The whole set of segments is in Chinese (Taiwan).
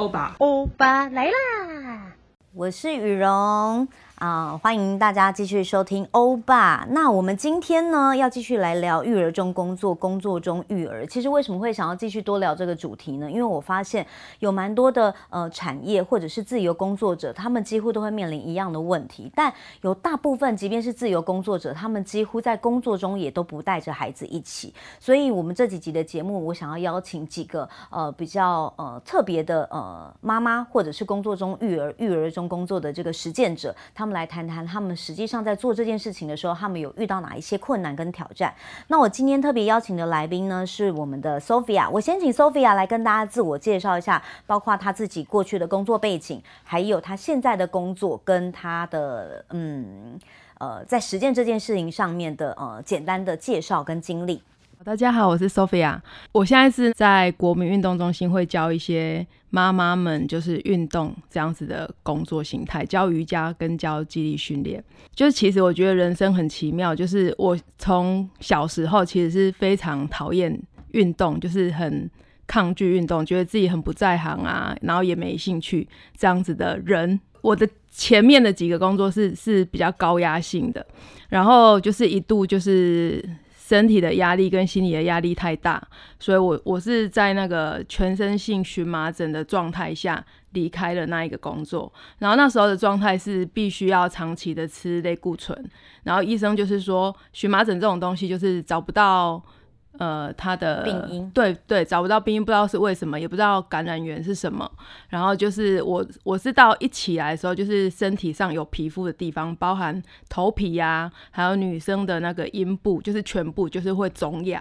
歐巴，歐巴來啦！我是語蓉。啊、uh，歡迎大家繼續收聽歐吧。那我們今天呢，要繼續來聊育兒中工作，工作中育兒。其實為什麼會想要繼續多聊這個主題呢？因為我發現有蠻多的呃產業或者是自由工作者，他們幾乎都會面臨一樣的問題。但有大部分，即便是自由工作者，他們幾乎在工作中也都不帶着孩子一起。所以，我們這幾集的節目，我想要邀請幾個呃比較呃特別的呃媽媽，或者是工作中育兒、育兒中工作的這個實踐者，他們。來談談他們實際上在做這件事情的時候，他們有遇到哪一些困難跟挑戰？那我今天特別邀請的來賓呢，是我們的 Sophia。我先請 Sophia 來跟大家自我介紹一下，包括她自己過去的工作背景，還有她現在的工作跟她的嗯呃在實踐這件事情上面的呃簡單的介紹跟經歷。大家好，我是 Sophia。我現在是在國民運動中心，會教一些媽媽們，就是運動這樣子的工作形態，教瑜伽跟教肌力訓練。就是其實我覺得人生很奇妙，就是我從小時候其實是非常討厭運動，就是很抗拒運動，覺得自己很不在行啊，然後也沒興趣這樣子的人。我的前面的幾個工作是是比較高壓性的，然後就是一度就是。身體的壓力跟心理的壓力太大，所以我我是在那個全身性蕁麻疹的狀態下離開了那一個工作，然後那時候的狀態是必須要長期的吃類固醇，然後醫生就是說蕁麻疹這種東西就是找不到。呃，他的病因對對，找不到病因，不知道是為什麼，也不知道感染源是什麼。然後就是我，我是到一起來的時候，就是身體上有皮膚的地方，包含頭皮呀、啊，還有女生的那個陰部，就是全部就是會腫癢，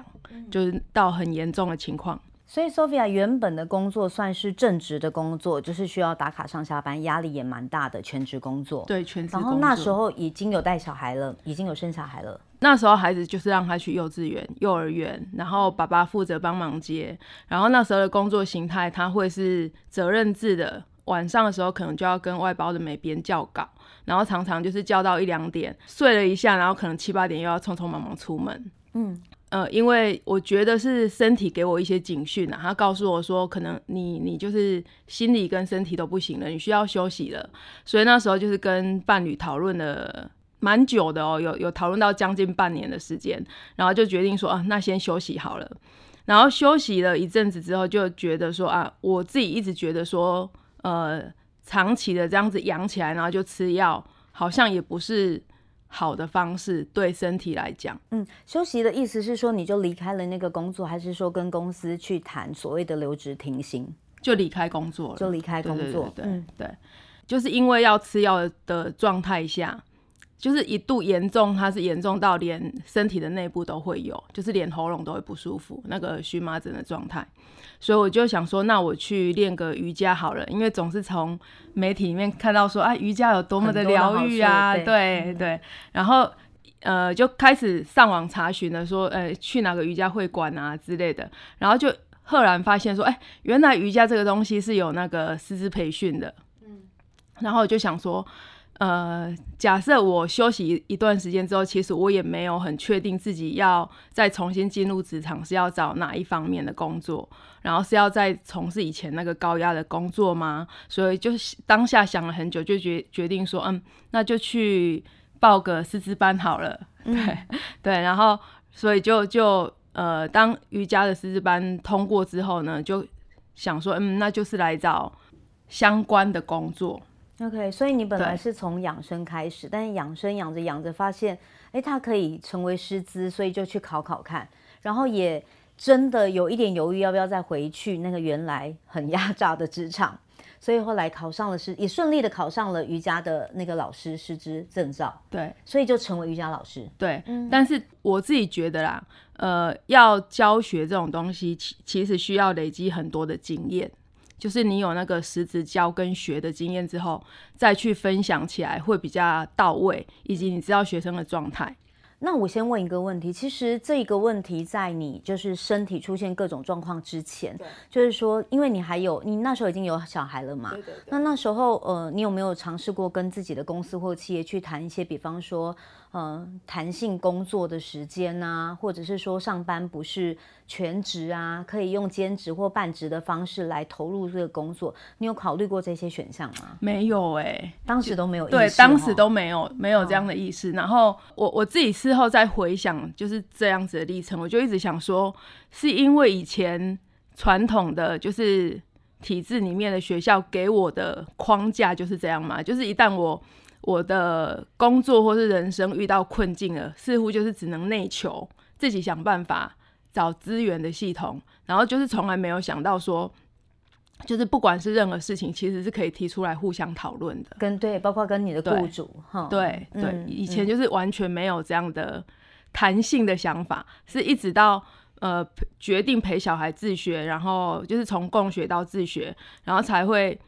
就是到很嚴重的情況。嗯、所以 Sophia 原本的工作算是正職的工作，就是需要打卡上下班，壓力也蠻大的全職工作。對，全職工作。然後那時候已經有帶小孩了，已經有生小孩了。那時候孩子就是讓他去幼稚園、幼兒園，然後爸爸負責幫忙接。然後那時候的工作形態，他會是責任制的，晚上的時候可能就要跟外包的美編交稿，然後常常就是交到一兩點，睡了一下，然後可能七八點又要匆匆忙忙出門。嗯，呃，因為我覺得是身體給我一些警訊啊，他告訴我說，可能你你就是心理跟身體都不行了，你需要休息了。所以那時候就是跟伴侶討論的。蠻久的哦，有有討論到將近半年的時間，然後就決定說啊，那先休息好了。然後休息了一陣子之後，就覺得說啊，我自己一直覺得說，呃，長期的這樣子養起來，然後就吃藥，好像也不是好的方式，對身體來講。嗯，休息的意思是說你就離開了那個工作，還是說跟公司去談所謂的留職停薪？就離開工作了，就離開工作，對對對，對，對，嗯，對，就是因為要吃藥的狀態下。就是一度嚴重，它是嚴重到連身體的內部都會有，就是連喉嚨都會不舒服，那個蕁麻疹的狀態。所以我就想說，那我去練個瑜伽好了，因為總是從媒體裡面看到說，啊，瑜伽有多麼的療癒啊，對對,對,對,對。然後，呃，就開始上網查詢了，說，呃、欸，去哪個瑜伽會館啊之類的。然後就赫然發現說，哎、欸，原來瑜伽這個東西是有那個師資培訓的。嗯，然後我就想說，呃，假設我休息一段時間之後，其實我也沒有很確定自己要再重新進入職場是要找哪一方面的工作，然後是要再從事以前那個高壓的工作嗎？所以就當下想了很久，就決決定說，嗯，那就去報個師資班好了。嗯、對對，然後所以就就呃，當瑜伽的師資班通過之後呢，就想說，嗯，那就是來找相關的工作。OK，所以你本來是從養生開始，但是養生養着養着發現，哎、欸，它可以成為師資，所以就去考考看，然後也真的有一點猶豫要不要再回去那個原來很壓榨的職場，所以後來考上了師，也順利的考上了瑜伽的那個老師師資證照，對，所以就成為瑜伽老師，對、嗯。但是我自己覺得啦，呃，要教學這種東西，其其實需要累積很多的經驗。就是你有那個實質教跟學的經驗之後，再去分享起來會比較到位，以及你知道學生的狀態。那我先問一個問題，其實這個問題在你就是身體出現各種狀況之前，對，就是說，因為你還有你那時候已經有小孩了嘛，對對對。那那時候呃，你有沒有嘗試過跟自己的公司或企業去談一些，比方說？嗯，彈性工作的時間啊，或者是說上班不是全職啊，可以用兼職或半職的方式來投入這個工作，你有考慮過這些選項嗎？沒有哎、欸，當時都沒有意思，對，當時都沒有、哦、沒有這樣的意思。然後我我自己事後再回想，就是這樣子的歷程，我就一直想說，是因為以前傳統的就是體制裡面的學校給我的框架就是這樣嘛，就是一旦我。我的工作或是人生遇到困境了，似乎就是只能內求，自己想辦法找資源的系統，然後就是從來沒有想到說，就是不管是任何事情，其實是可以提出來互相討論的。跟對，包括跟你的雇主哈，對、哦、對，對、嗯，以前就是完全沒有這樣的彈性的想法，嗯、是一直到呃決定陪小孩自學，然後就是從共學到自學，然後才會。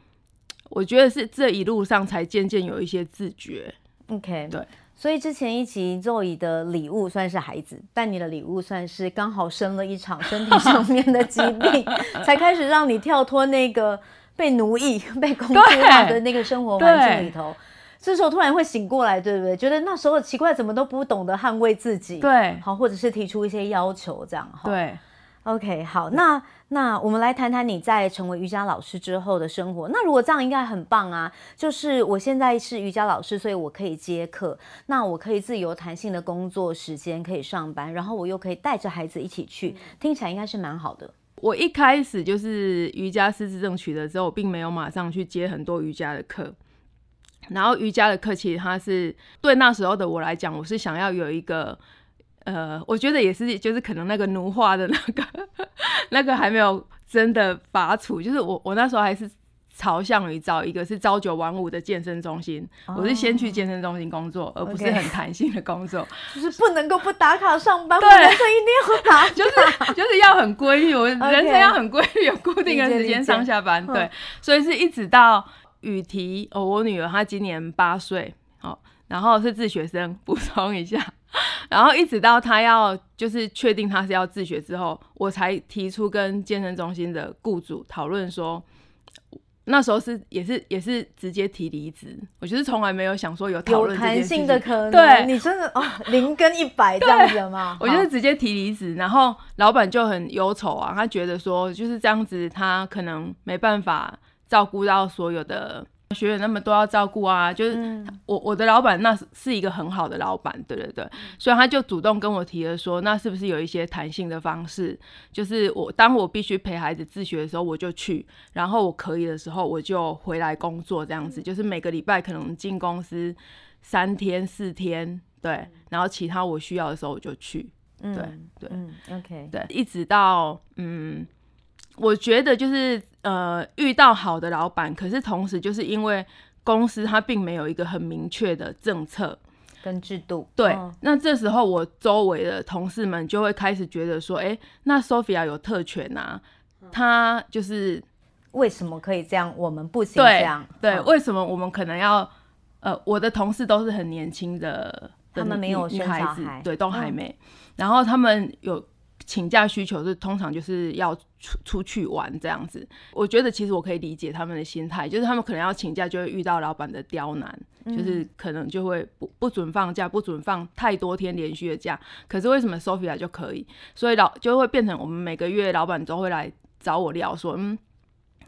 我覺得是這一路上才漸漸有一些自覺。OK，對，所以之前一集做以的禮物算是孩子，但你的禮物算是剛好生了一場身體上面的疾病， 才開始讓你跳脫那個被奴役、 被控制的那個生活環境裡頭。這時候突然會醒過來，對不對？覺得那時候奇怪，怎麼都不懂得捍衛自己，對，好，或者是提出一些要求，這樣對。OK，好，那。那我們來談談你在成為瑜伽老師之後的生活。那如果這樣應該很棒啊！就是我現在是瑜伽老師，所以我可以接課，那我可以自由彈性的工作時間，可以上班，然後我又可以帶着孩子一起去，聽起來應該是蠻好的。我一開始就是瑜伽師資證取得之後，並沒有馬上去接很多瑜伽的課。然後瑜伽的課，其實它是對那時候的我來講，我是想要有一個。呃，我覺得也是，就是可能那個奴化的那個， 那個還沒有真的拔除。就是我，我那時候還是朝向於找一個是朝九晚五的健身中心。哦，我是先去健身中心工作，而不是很彈性的工作，Okay. 就是不能夠不打卡上班， 對，人生一定要打卡，就是就是要很規律，我、Okay. 人生要很規律，有固定的時間上下班，對，對、嗯，所以是一直到雨提哦，我女兒她今年八歲，哦，然後是自學生，補充一下。 然後一直到他要就是確定他是要自學之後，我才提出跟健身中心的雇主討論說，那時候是也是也是直接提離職，我就是從來沒有想說有討論有彈性的可能，對你真的啊，零跟一百這樣子嘛， 我就是直接提離職，然後老板就很憂愁啊，他覺得說就是這樣子，他可能沒辦法照顧到所有的。學員那麼多要照顧啊，就是、嗯、我我的老板那是，是一個很好的老板，對對對、嗯，所以他就主動跟我提了說，那是不是有一些彈性的方式？就是我當我必須陪孩子自學的時候，我就去，然後我可以的時候，我就回來工作，這樣子、嗯，就是每個禮拜可能進公司三天四天，對，然後其他我需要的時候我就去，嗯、對、嗯、對、嗯，OK，對，一直到嗯，我覺得就是。呃，遇到好的老闆，可是同時就是因為公司它並沒有一個很明確的政策跟制度。對、嗯，那這時候我周圍的同事們就會開始覺得說，哎、欸，那 Sophia 有特權吶、啊，她、嗯、就是為什麼可以這樣，我們不行這樣？對，對、嗯，為什麼我們可能要？呃，我的同事都是很年輕的，他們沒有孩子，對，都還沒。嗯、然後他們有。請假需求是通常就是要出出去玩這樣子，我覺得其實我可以理解他們的心態，就是他們可能要請假就會遇到老板的刁難、嗯，就是可能就會不不准放假，不准放太多天連續的假。可是為什麼 Sophia 就可以？所以老就會變成我們每個月老板都會來找我聊說，嗯，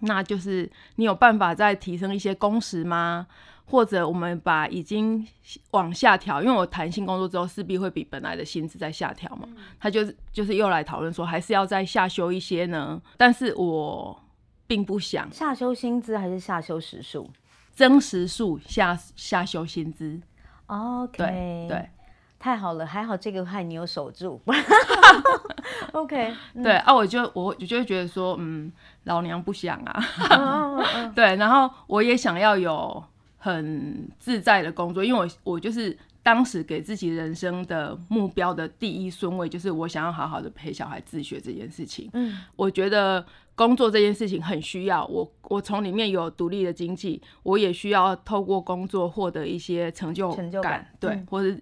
那就是你有辦法再提升一些工時嗎？或者我們把已經往下調，因為我彈性工作之後勢必會比本來的薪資再下調嘛，他、嗯、就是就是又來討論說還是要再下修一些呢，但是我並不想下修薪資還是下修時數，增時數下下修薪資，OK 對,對，太好了，還好這個害你有守住 ，OK、嗯、對啊，我就我就覺得說嗯老娘不想啊， oh, oh, oh. 對，然後我也想要有。很自在的工作，因為我我就是當時給自己人生的目標的第一順位，就是我想要好好的陪小孩自學這件事情。嗯，我覺得工作這件事情很需要我，我從裡面有獨立的經濟，我也需要透過工作獲得一些成就成就感，對，嗯、或者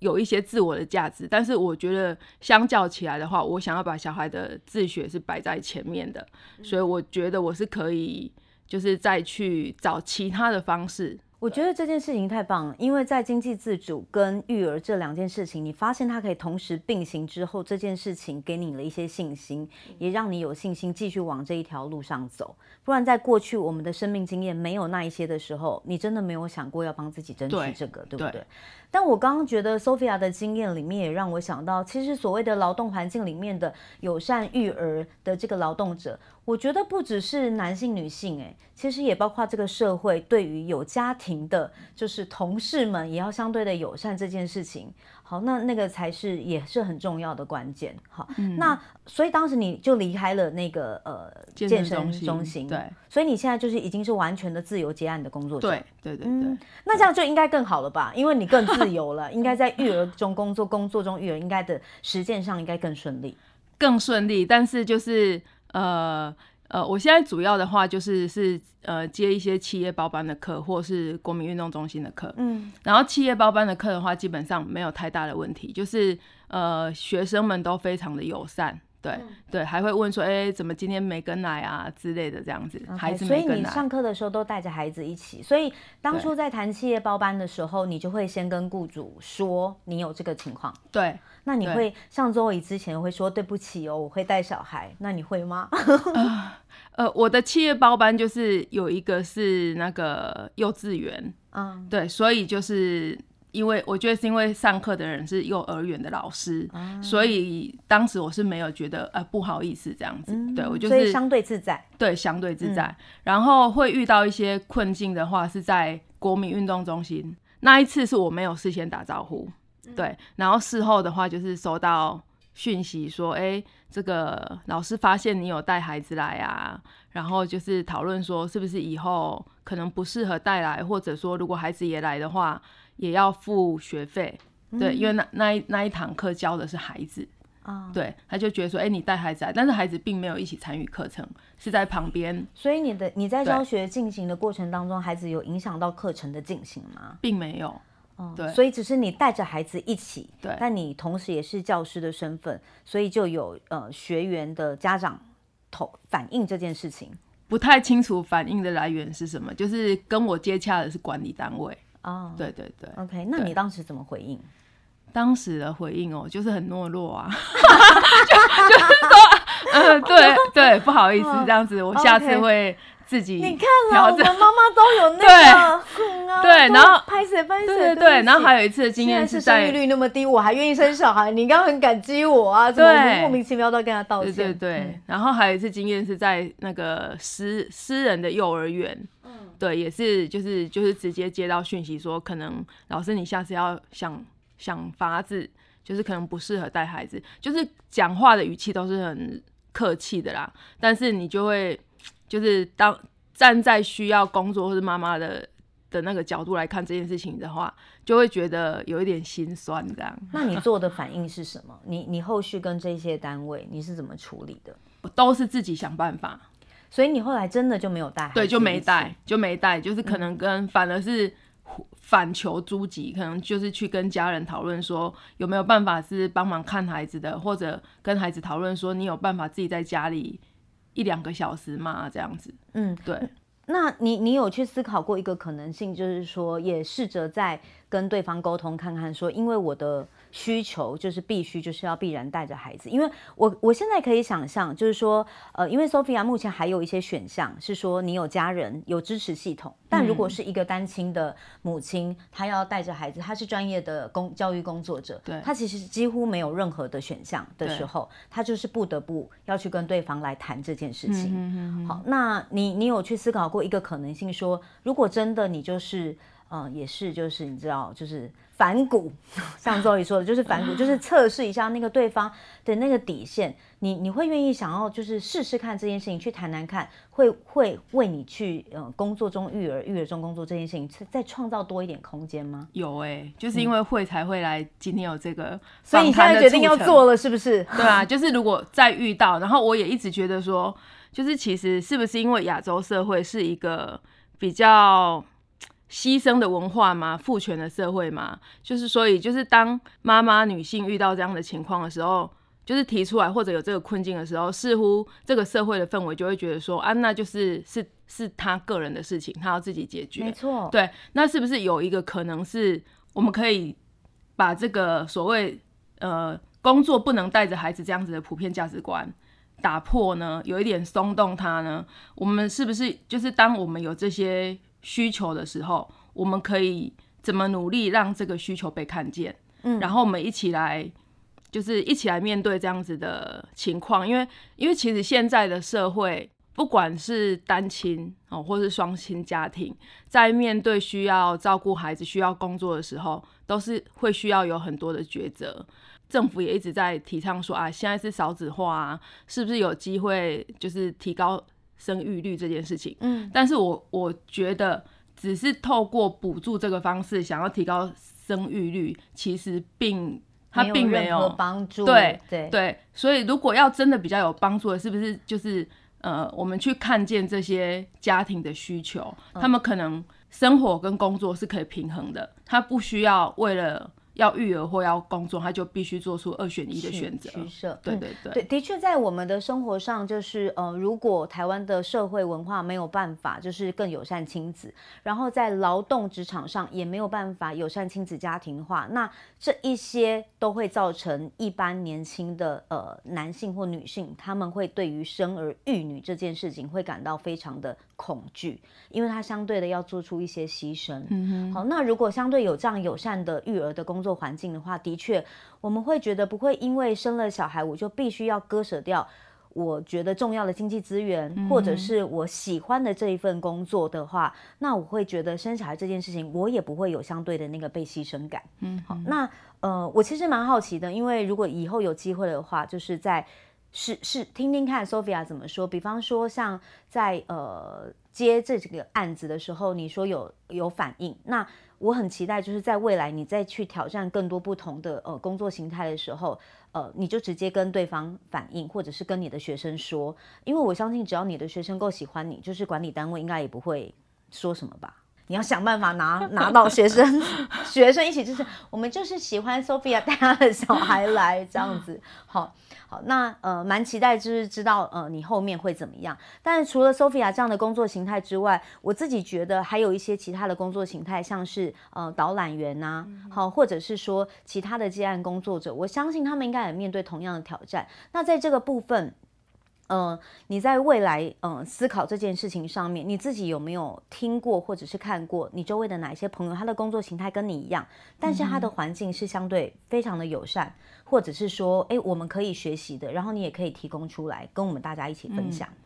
有一些自我的價值。但是我覺得相較起來的話，我想要把小孩的自學是擺在前面的，嗯，所以我覺得我是可以，就是再去找其他的方式。我覺得這件事情太棒了，因為在經濟自主跟育兒這兩件事情，你發現它可以同時並行之後，這件事情給你了一些信心，也讓你有信心繼續往這一條路上走。不然，在過去我們的生命經驗沒有那一些的時候，你真的沒有想過要幫自己爭取這個，對，對不對，對？但我剛剛覺得 Sophia 的經驗裡面也讓我想到，其實所謂的勞動環境裡面的友善育兒的這個勞動者。我覺得不只是男性、女性、欸，哎，其實也包括這個社會對於有家庭的，就是同事們也要相對的友善這件事情。好，那那個才是也是很重要的關鍵。好，嗯、那所以當時你就離開了那個呃健身,健身中心，對，所以你現在就是已經是完全的自由接案的工作者。對對對對,對,、嗯、對，那這樣就應該更好了吧？因為你更自由了， 應該在育兒中工作，工作中育兒應該的實踐上應該更順利，更順利。但是就是。呃呃，我現在主要的話就是是呃接一些企業包班的課，或是國民運動中心的課。嗯，然後企業包班的課的話，基本上沒有太大的問題，就是呃學生們都非常的友善。對、嗯、對，還會問說，哎、欸，怎麼今天沒跟來啊之類的，這樣子 okay，孩子。所以你上課的時候都帶着孩子一起。所以當初在談企業包班的時候，你就會先跟雇主說你有這個情況？對，那你會上周一之前會說，對不起哦，我會帶小孩。那你會嗎？ 呃？呃，我的企業包班就是有一個是那個幼稚園啊、嗯，對，所以就是。因為我覺得是因為上課的人是幼兒園的老師、嗯，所以當時我是沒有覺得呃不好意思這樣子，嗯、對我就是所以相對自在，對相對自在、嗯。然後會遇到一些困境的話，是在國民運動中心那一次，是我沒有事先打招呼，嗯、對，然後事後的話就是收到訊息說，欸、嗯、欸，這個老師發現你有帶孩子來啊，然後就是討論說是不是以後可能不適合帶來，或者說如果孩子也來的話。也要付學費、嗯，對，因為那那一那一堂課教的是孩子，啊、嗯，對，他就覺得說，哎、欸，你帶孩子來，但是孩子並沒有一起參與課程，是在旁邊。所以你的你在教學進行的過程當中，孩子有影響到課程的進行嗎？並沒有，哦、嗯，對，所以只是你帶着孩子一起，對，但你同時也是教師的身份，所以就有呃學員的家長投反映這件事情，不太清楚反映的來源是什麼，就是跟我接洽的是管理單位。哦、oh，對對對，OK，對。那你當時怎麼回應？當時的回應哦，就是很懦弱啊，就 就是說，嗯、 呃，對對，不好意思， 這樣子，我下次會。Okay. 自己子你看，我們媽媽都有那個、啊對，啊、對，然後拍攝拍攝。對，對，對，對，然後還有一次的經驗是，是生育率那麼低，我還願意生小孩，你剛剛很感激我啊，對，莫名其妙都跟他道歉，對對對、嗯。然後還有一次經驗是在那個私私人的幼兒園，嗯，對，也是就是就是直接接到訊息說，可能老師你下次要想想法子，就是可能不適合帶孩子，就是講話的語氣都是很客氣的啦，但是你就會。就是當站在需要工作或者媽媽的的那個角度來看這件事情的話，就會覺得有一點心酸這樣。那你做的反應是什麼？ 你你後續跟這些單位你是怎麼處理的？我都是自己想辦法。所以你後來真的就沒有帶孩子？對，就沒帶，就沒帶。就是可能跟、嗯、反而是反求諸己，可能就是去跟家人討論說有沒有辦法是幫忙看孩子的，或者跟孩子討論說你有辦法自己在家裡。一兩個小時嘛，這樣子。嗯，對。那你你有去思考過一個可能性，就是說，也試着在。跟對方溝通，看看說，因為我的需求就是必須就是要必然帶着孩子，因為我我現在可以想象，就是說，呃，因為 Sophia 目前還有一些選項是說，你有家人、有支持系統，但如果是一個單親的母親，她要帶着孩子，她是專業的工教育工作者對，她其實幾乎沒有任何的選項的時候，她就是不得不要去跟對方來談這件事情。嗯嗯嗯、好，那你你有去思考過一個可能性說，說如果真的你就是。嗯，也是，就是你知道，就是反骨。像周一說的，就是反骨，就是測試一下那個對方的那個底線。你你會願意想要就是試試看這件事情，去談談看，會會為你去嗯、呃、工作中育兒、育兒中工作這件事情，再創造多一點空間嗎？有哎、欸，就是因為會才會來今天有這個訪談的促成、嗯、所以你現在決定要做了，是不是？對啊，就是如果再遇到，然後我也一直覺得說，就是其實是不是因為亞洲社會是一個比較。犧牲的文化嘛，父權的社會嘛，就是所以就是當媽媽女性遇到這樣的情況的時候，就是提出來或者有這個困境的時候，似乎這個社會的氛圍就會覺得說啊，那就是是是他個人的事情，他要自己解決。沒錯，對，那是不是有一個可能是我們可以把這個所謂呃工作不能帶着孩子這樣子的普遍價值觀打破呢？有一點鬆動他呢？我們是不是就是當我們有這些？需求的時候，我們可以怎麼努力讓這個需求被看見？嗯，然後我們一起來，就是一起來面對這樣子的情況，因為因為其實現在的社會，不管是單親哦，或是雙親家庭，在面對需要照顧孩子、需要工作的時候，都是會需要有很多的抉擇。政府也一直在提倡說，啊，現在是少子化啊，是不是有機會就是提高？生育率這件事情，嗯，但是我我覺得，只是透過補助這個方式，想要提高生育率，其實並他並沒有幫助。對對，對所以如果要真的比較有幫助的，是不是就是呃，我們去看見這些家庭的需求，嗯，他們可能生活跟工作是可以平衡的，他不需要為了。要育兒或要工作，他就必須做出二選一的選擇、取捨。對對對，嗯、對的確，在我們的生活上，就是呃，如果台灣的社會文化沒有辦法，就是更友善親子，然後在勞動職場上也沒有辦法友善親子家庭的話，那這一些都會造成一般年輕的呃男性或女性，他們會對於生兒育女這件事情會感到非常的恐懼，因為它相對的要做出一些犧牲。嗯，好，那如果相對有這樣友善的育兒的工作環境的話，的確，我們會覺得不會因為生了小孩，我就必須要割捨掉我覺得重要的經濟資源、嗯，或者是我喜歡的這一份工作的話，那我會覺得生小孩這件事情，我也不會有相對的那個被犧牲感。嗯，好，那呃，我其實蠻好奇的，因為如果以後有機會的話，就是在。是是，聽聽看 Sophia 怎麼說。比方說，像在呃接這個案子的時候，你說有有反應，那我很期待，就是在未來你再去挑戰更多不同的呃工作形態的時候，呃，你就直接跟對方反映，或者是跟你的學生說，因為我相信，只要你的學生夠喜歡你，就是管理單位應該也不會說什麼吧。你要想辦法拿拿到學生， 學生一起就是我們就是喜歡 Sophia 帶他的小孩來這樣子，好，好，那呃蠻期待就是知道呃你後面會怎麼樣。但是除了 Sophia 這樣的工作形態之外，我自己覺得還有一些其他的工作形態，像是呃導覽員吶、啊嗯，好，或者是說其他的接案工作者，我相信他們應該也面對同樣的挑戰。那在這個部分。嗯，你在未來嗯思考這件事情上面，你自己有沒有聽過或者是看過你周圍的哪一些朋友，他的工作形態跟你一樣，但是他的環境是相對非常的友善，嗯、或者是說，哎、欸，我們可以學習的，然後你也可以提供出來跟我們大家一起分享。嗯、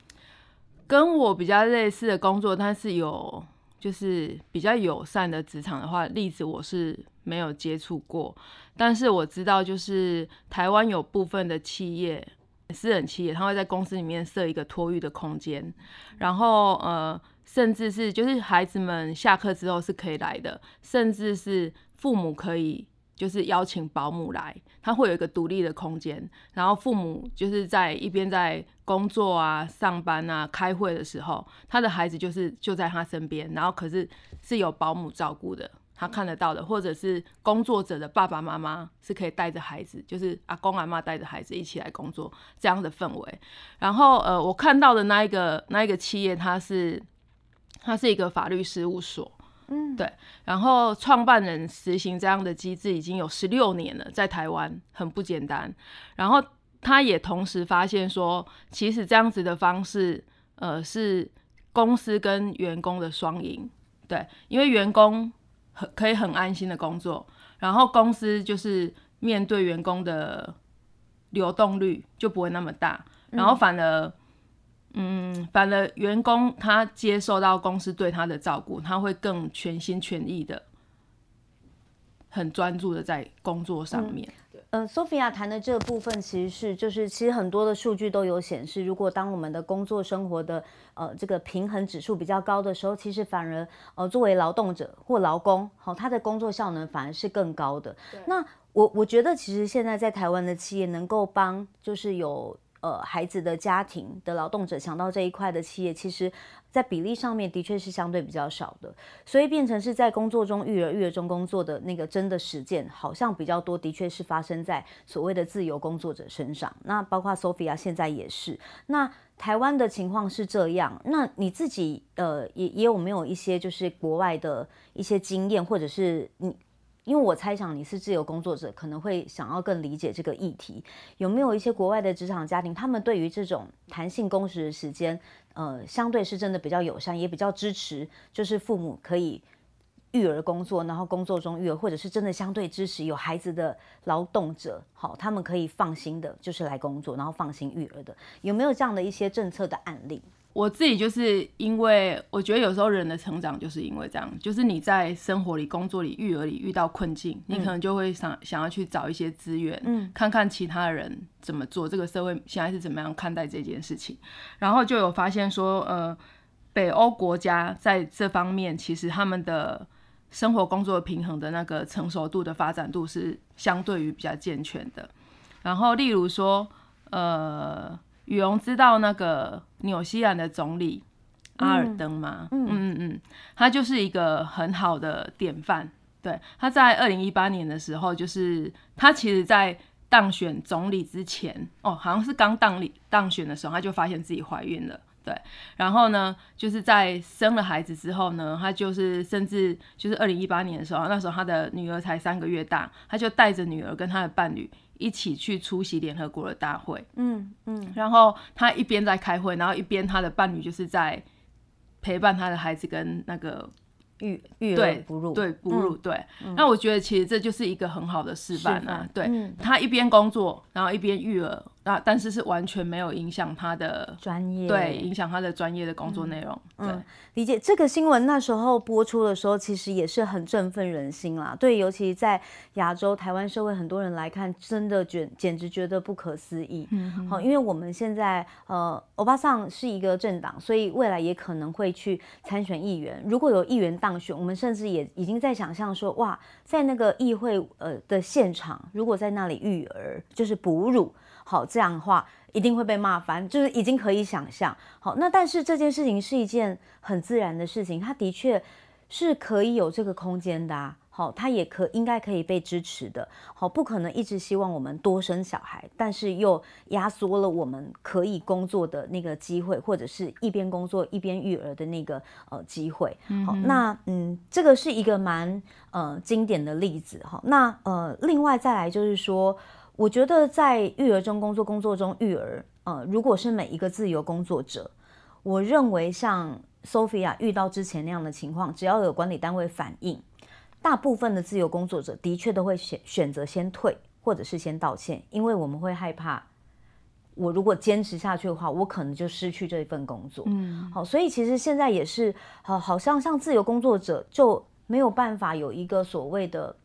跟我比較類似的工作，但是有就是比較友善的職場的話，例子我是沒有接觸過，但是我知道就是台灣有部分的企業。私人企業，他會在公司裡面設一個托育的空間，然後呃，甚至是就是孩子們下課之後是可以來的，甚至是父母可以就是邀請保姆來，他會有一個獨立的空間，然後父母就是在一邊在工作啊、上班啊、開會的時候，他的孩子就是就在他身邊，然後可是是有保姆照顧的。他看得到的，或者是工作者的爸爸媽媽是可以帶着孩子，就是阿公阿嬤帶着孩子一起來工作，這樣的氛圍。然後，呃，我看到的那一個那一個企業他，它是它是一個法律事務所，嗯，對。然後創辦人實行這樣的機制已經有十六年了，在台灣很不簡單。然後他也同時發現說，其實這樣子的方式，呃，是公司跟員工的雙贏，對，因為員工。很可以很安心的工作，然後公司就是面對員工的流動率就不會那麼大，然後反而，嗯，嗯反而員工他接受到公司對他的照顧，他會更全心全意的，很專注的在工作上面。嗯嗯、呃、Sophia 談的這部分其實是，就是其實很多的數據都有顯示，如果當我們的工作生活的呃這個平衡指數比較高的時候，其實反而呃作為勞動者或勞工，好、哦、他的工作效能反而是更高的。那我我覺得其實現在在台灣的企業能夠幫，就是有。呃，孩子的家庭的勞動者想到這一塊的企業，其實，在比例上面的確是相對比較少的，所以變成是在工作中育兒、育兒中工作的那個真的實踐，好像比較多，的確是發生在所謂的自由工作者身上。那包括 Sophia 現在也是。那台灣的情況是這樣，那你自己呃，也也有沒有一些就是國外的一些經驗，或者是你因為我猜想你是自由工作者，可能會想要更理解這個議題。有沒有一些國外的職場家庭，他們對於這種彈性工時的時間，呃，相對是真的比較友善，也比較支持，就是父母可以育兒工作，然後工作中育兒，或者是真的相對支持有孩子的勞動者，好，他們可以放心的，就是來工作，然後放心育兒的。有沒有這樣的一些政策的案例？我自己就是因為我覺得有時候人的成長就是因為這樣，就是你在生活裡、工作裡、育兒裡遇到困境，你可能就會想、嗯、想要去找一些資源、嗯，看看其他人怎麼做，這個社會現在是怎麼樣看待這件事情。然後就有發現說，呃，北歐國家在這方面其實他們的生活工作平衡的那個成熟度的發展度是相對於比較健全的。然後例如說，呃。語蓉知道那個紐西蘭的總理、嗯、阿爾登嗎？嗯嗯嗯，他就是一個很好的典範。對，他在二零一八年的時候，就是他其實，在當選總理之前，哦，好像是剛當里當選的時候，他就發現自己懷孕了。對，然後呢，就是在生了孩子之後呢，他就是甚至就是二零一八年的時候，那時候他的女兒才三個月大，他就帶着女兒跟他的伴侶。一起去出席聯合國的大會，嗯嗯，然後他一邊在開會，然後一邊他的伴侶就是在陪伴他的孩子跟那個育育兒對哺乳對哺乳、嗯、對、嗯，那我覺得其實這就是一個很好的示範啊，啊、對、嗯、他一邊工作，然後一邊育兒。那、啊、但是是完全沒有影響他的專業，對，影響他的專業的工作內容。嗯、對、嗯、理解這個新聞那時候播出的時候，其實也是很振奮人心啦。對，尤其在亞洲、台灣社會，很多人來看，真的覺簡直覺得不可思議。嗯，好、哦，因為我們現在呃，歐巴桑是一個政黨，所以未來也可能會去參選議員。如果有議員當選，我們甚至也已經在想象說，哇，在那個議會呃的現場，如果在那裡育兒，就是哺乳。好，這樣的話一定會被罵翻，就是已經可以想象。好，那但是這件事情是一件很自然的事情，它的確是可以有這個空間的啊。好，它也可應該可以被支持的。好，不可能一直希望我們多生小孩，但是又壓縮了我們可以工作的那個機會，或者是一邊工作一邊育兒的那個呃機會。好，嗯嗯那嗯，這個是一個蠻呃經典的例子。哈，那呃，另外再來就是說。我覺得在育兒中工作，工作中育兒，呃，如果是每一個自由工作者，我認為像 Sophia 遇到之前那樣的情況，只要有管理單位反映，大部分的自由工作者的確都會選選擇先退，或者是先道歉，因為我們會害怕，我如果堅持下去的話，我可能就失去這一份工作。嗯，好、哦，所以其實現在也是，好、呃，好像像自由工作者就沒有辦法有一個所謂的。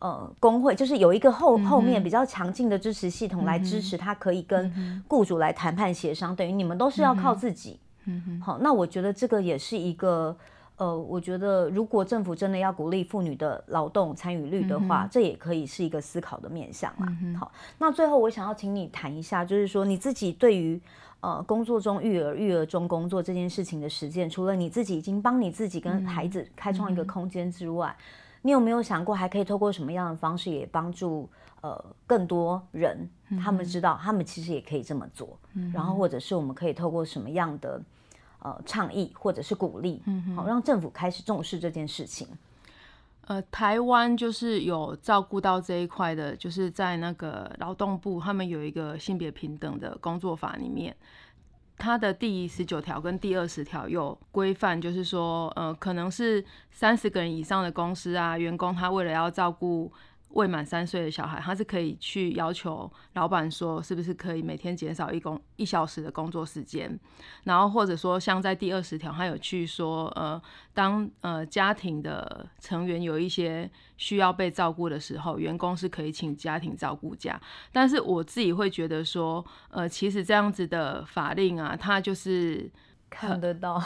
呃，工會就是有一個後、嗯、後面比較強勁的支持系統來支持他，可以跟僱主來談判協商、嗯。等於你們都是要靠自己。嗯哼。好，那我覺得這個也是一個，呃，我覺得如果政府真的要鼓勵婦女的勞動參與率的話，嗯、這也可以是一個思考的面向嘛、嗯。好，那最後我想要請你談一下，就是說你自己對於呃工作中育兒、育兒中工作這件事情的實踐，除了你自己已經幫你自己跟孩子開創一個空間之外。嗯你有沒有想過，還可以透過什麼樣的方式也，也幫助呃更多人，他們知道、嗯、他們其實也可以這麼做、嗯，然後或者是我們可以透過什麼樣的呃倡議或者是鼓勵，好、嗯哦、讓政府開始重視這件事情？呃，台灣就是有照顧到這一塊的，就是在那個勞動部，他們有一個性別平等的工作法裡面。他的第十九條跟第二十條有規範，就是說，呃，可能是三十個人以上的公司啊，員工他為了要照顧，未滿三歲的小孩，他是可以去要求老闆說，是不是可以每天減少一工一小時的工作時間，然後或者說像在第二十條，他有去說，呃，當呃家庭的成員有一些需要被照顧的時候，員工是可以請家庭照顧假。但是我自己會覺得說，呃，其實這樣子的法令啊，它就是看得到、呃，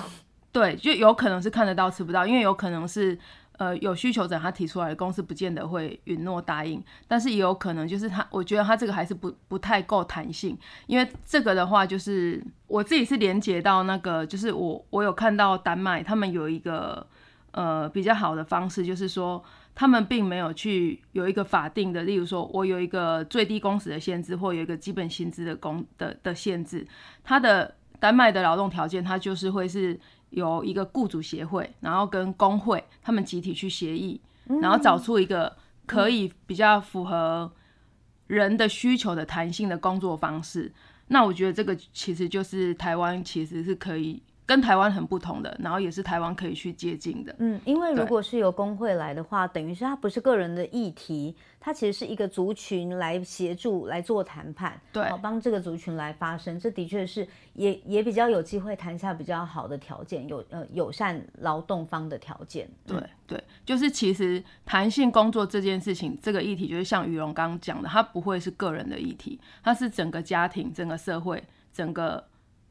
對，就有可能是看得到吃不到，因為有可能是。呃，有需求者他提出來的，公司不見得會允諾答應，但是也有可能就是他，我覺得他這個還是不不太夠彈性，因為這個的話就是我自己是連接到那個，就是我我有看到丹麥他們有一個呃比較好的方式，就是說他們並沒有去有一個法定的，例如說我有一個最低工時的限制，或有一個基本薪資的工的的限制，他的丹麥的勞動條件他就是會是。有一個僱主協會，然後跟工會他們集體去協議，然後找出一個可以比較符合人的需求的彈性的工作方式。那我覺得這個其實就是台灣其實是可以。跟台灣很不同的，然後也是台灣可以去接近的。嗯，因為如果是由工會來的話，等於是他不是個人的議題，他其實是一個族群來協助來做談判，對，幫這個族群來發聲。這的確是也也比較有機會談下比較好的條件，有呃友善勞動方的條件。對、嗯、對，就是其實彈性工作這件事情，這個議題就是像語蓉剛剛講的，它不會是個人的議題，它是整個家庭、整個社會、整個。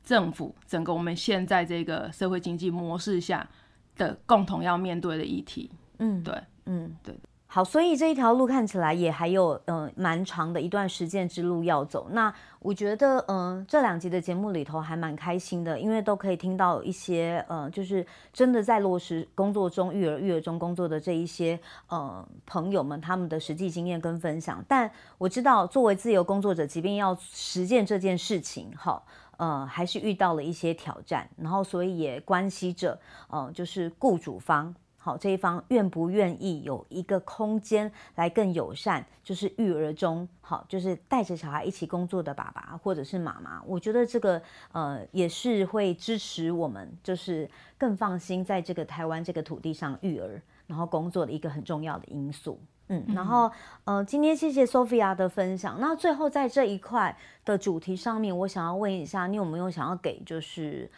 政府整個我們現在這個社會經濟模式下的共同要面對的議題，嗯，對，嗯，對，好，所以這一條路看起來也還有嗯、呃、蠻長的一段實踐之路要走。那我覺得嗯、呃、這兩集的節目裡頭還蠻開心的，因為都可以聽到一些呃，就是真的在落實工作中育兒育兒中工作的這一些呃朋友們他們的實際經驗跟分享。但我知道作為自由工作者，即便要實踐這件事情，好、哦。呃，還是遇到了一些挑戰，然後所以也關係着，呃，就是僱主方好這一方願不願意有一個空間來更友善，就是育兒中好，就是帶着小孩一起工作的爸爸或者是媽媽，我覺得這個呃也是會支持我們，就是更放心在這個台灣這個土地上育兒，然後工作的一個很重要的因素。嗯，然後，嗯、呃，今天謝謝 Sophia 的分享。那最後在這一塊的主題上面，我想要問一下，你有沒有想要給，就是，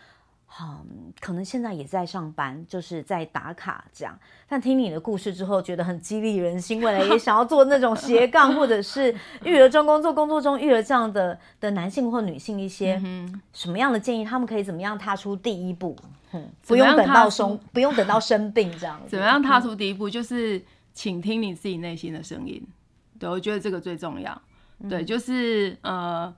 嗯，可能現在也在上班，就是在打卡這樣。但聽你的故事之後，覺得很激勵人心。未來也想要做那種斜槓， 或者是育兒中工作工作中育兒這樣的的男性或女性一些、嗯、什麼樣的建議？他們可以怎麼樣踏出第一步？嗯，不用等到生，不用等到生病這樣子。怎麼樣踏出第一步？就是。請聽你自己內心的聲音。對，我覺得這個最重要。嗯、對，就是呃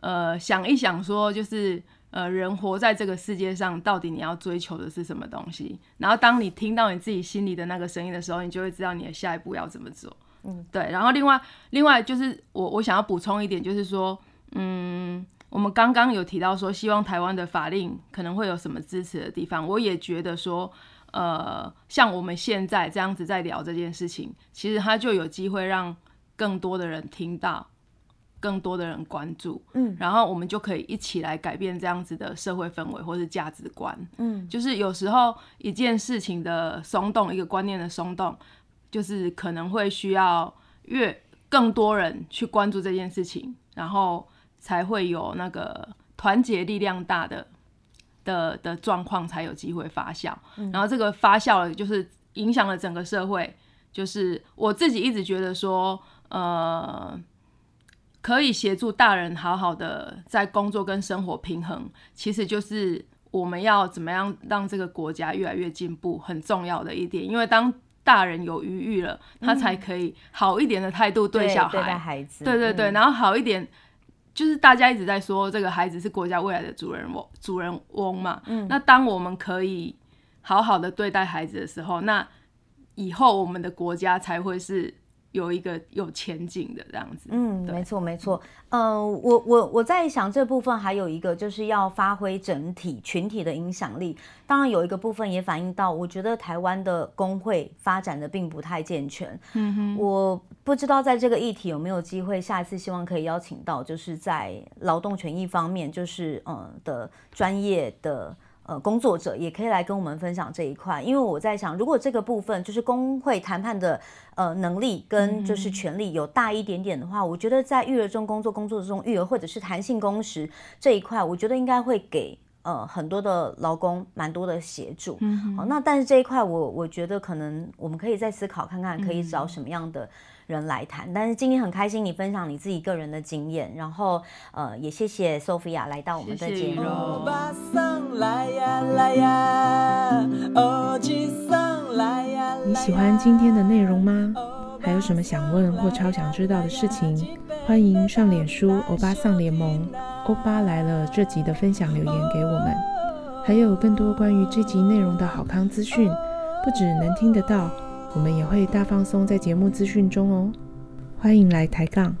呃，想一想說，就是呃，人活在這個世界上，到底你要追求的是什麼東西？然後當你聽到你自己心裡的那個聲音的時候，你就會知道你的下一步要怎麼做。嗯，對。然後另外另外就是我我想要補充一點，就是說，嗯，我們剛剛有提到說，希望台灣的法令可能會有什麼支持的地方，我也覺得說。呃，像我們現在這樣子在聊這件事情，其實它就有機會讓更多的人聽到，更多的人關注，嗯，然後我們就可以一起來改變這樣子的社會氛圍或是價值觀，嗯，就是有時候一件事情的鬆動，一個觀念的鬆動，就是可能會需要越更多人去關注這件事情，然後才會有那個團結力量大的。的的狀況，才有機會發酵。嗯，然後這個發酵就是影響了整個社會。就是我自己一直覺得說，呃，可以協助大人好好的在工作跟生活平衡，其實就是我們要怎麼樣讓這個國家越來越進步很重要的一點。因為當大人有餘裕了，嗯、他才可以好一點的態度對小孩、的孩子，對對對，嗯、然後好一點。就是大家一直在說，這個孩子是國家未來的主人翁，主人翁嘛，嗯。那當我們可以好好的對待孩子的時候，那以後我們的國家才會是。有一個有前景的這樣子，嗯，沒錯沒錯，呃，我我我在想這部分還有一個就是要發揮整體群體的影響力，當然有一個部分也反映到，我覺得台灣的工會發展的並不太健全，嗯哼，我不知道在這個議題有沒有機會，下一次希望可以邀請到就是在勞動權益方面，就是嗯的專業的。呃，工作者也可以來跟我們分享這一塊，因為我在想，如果這個部分就是工會談判的呃能力跟就是權力有大一點點的話，嗯，我覺得在育兒中工作，工作中育兒或者是彈性工時這一塊，我覺得應該會給呃很多的勞工蠻多的協助。好，嗯哦，那但是這一塊我我覺得可能我們可以再思考看看，可以找什麼樣的，嗯。人來談，但是今天很開心你分享你自己個人的經驗，然後呃、也謝謝 Sophia 來到我們的節目。歐巴桑來呀來呀，歐吉桑來呀。你喜歡今天的內容嗎？還有什麼想問或超想知道的事情？歡迎上臉書歐巴桑聯盟，歐巴來了這集的分享留言給我們。還有更多關於這集內容的好康資訊，不只能聽得到。我們也會大放送在節目資訊中哦，歡迎來抬槓。